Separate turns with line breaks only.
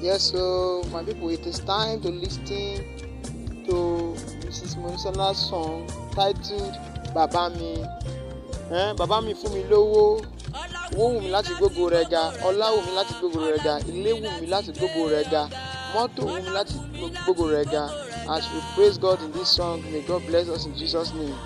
Yes, so my people, it is time to listen to Mrs. Monisola's song titled Bàbá mi. Eh, bàbá mi fún mi lówó. Owó wù mí láti gbógo rẹ̀ ga. Ọlá wù mí láti gbógo rẹ̀ ga. Ilé wù mí láti gbógo rẹ̀ ga. Mọ́tò wù mí láti gbógo rẹ̀ ga. As we praise God in this song, may God bless us in Jesus' name.